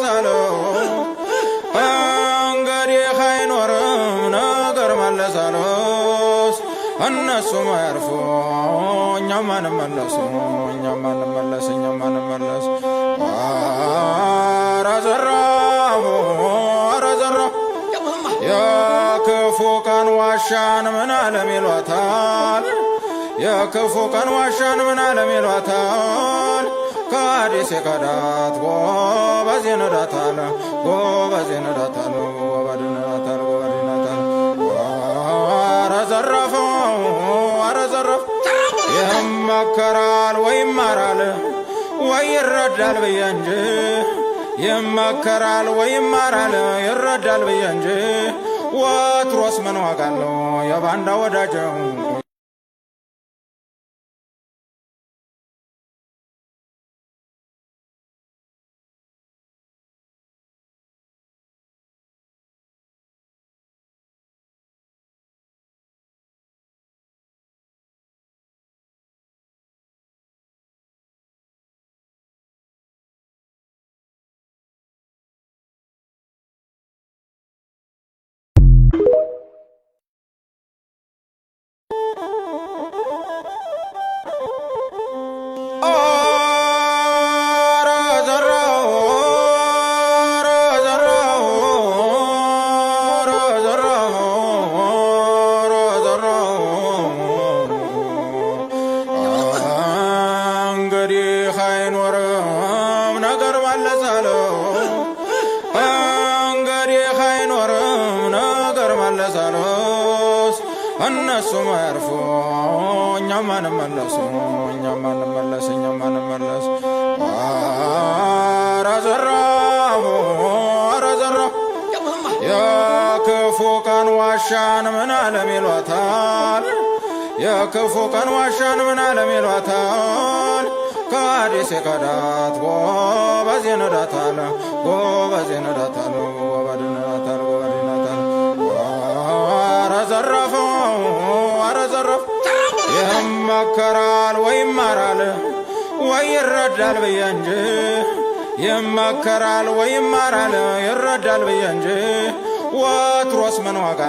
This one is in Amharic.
መለሳለው እንግዲህ አይኖርም ነገር እነሱም አያርፉ እኛም አንመለሱ እኛም አንመለስ እኛም አንመለስ የክፉ ቀን ዋሻን ምን አለም ይሏታል የክፉ ቀን ዋሻን ምን አለም ይሏታል ከአዲስ ከዳት ጎበዝ ይነዳታል ጎበዝ ይነዳታል ወባድ ይነዳታል ወባድ ይነዳታል። ኧረ ዘረፈው ኧረ ዘረፍ ይመከራል ወይ ይማራል ወይ ይረዳል ብዬ እንጂ ይመከራል ወይ ይማራል ይረዳል ብዬ እንጂ ወትሮስ ምን ዋጋ አለው የባንዳ ወዳጀው መለሳለው እንግዲህ አይኖርም ነገር መለሳለስ እነሱም አያርፉ እኛም አንመለሱ እኛም አንመለስ እኛም አንመለስ ኧረ ዘራሁ የክፉ ቀን ዋሻን ምን አለም ይሏታል የክፉ ቀን ዋሻን ምን አለም ይሏታል ከአዲስ የቀዳት እንረዳታለን፣ ጎበዝ እንረዳታለን፣ ጎበዝ እንረዳታለን፣ ጎበዝ እንረዳታለን። ኧረ ዘረፈው፣ ኧረ ዘረፈው። ይመከራል ወይ ይማራል ወይ ይረዳል ብዬ እንጂ ይመከራል ወይ ይማራል ይረዳል ብዬ እንጂ ወትሮስ ምን ዋጋ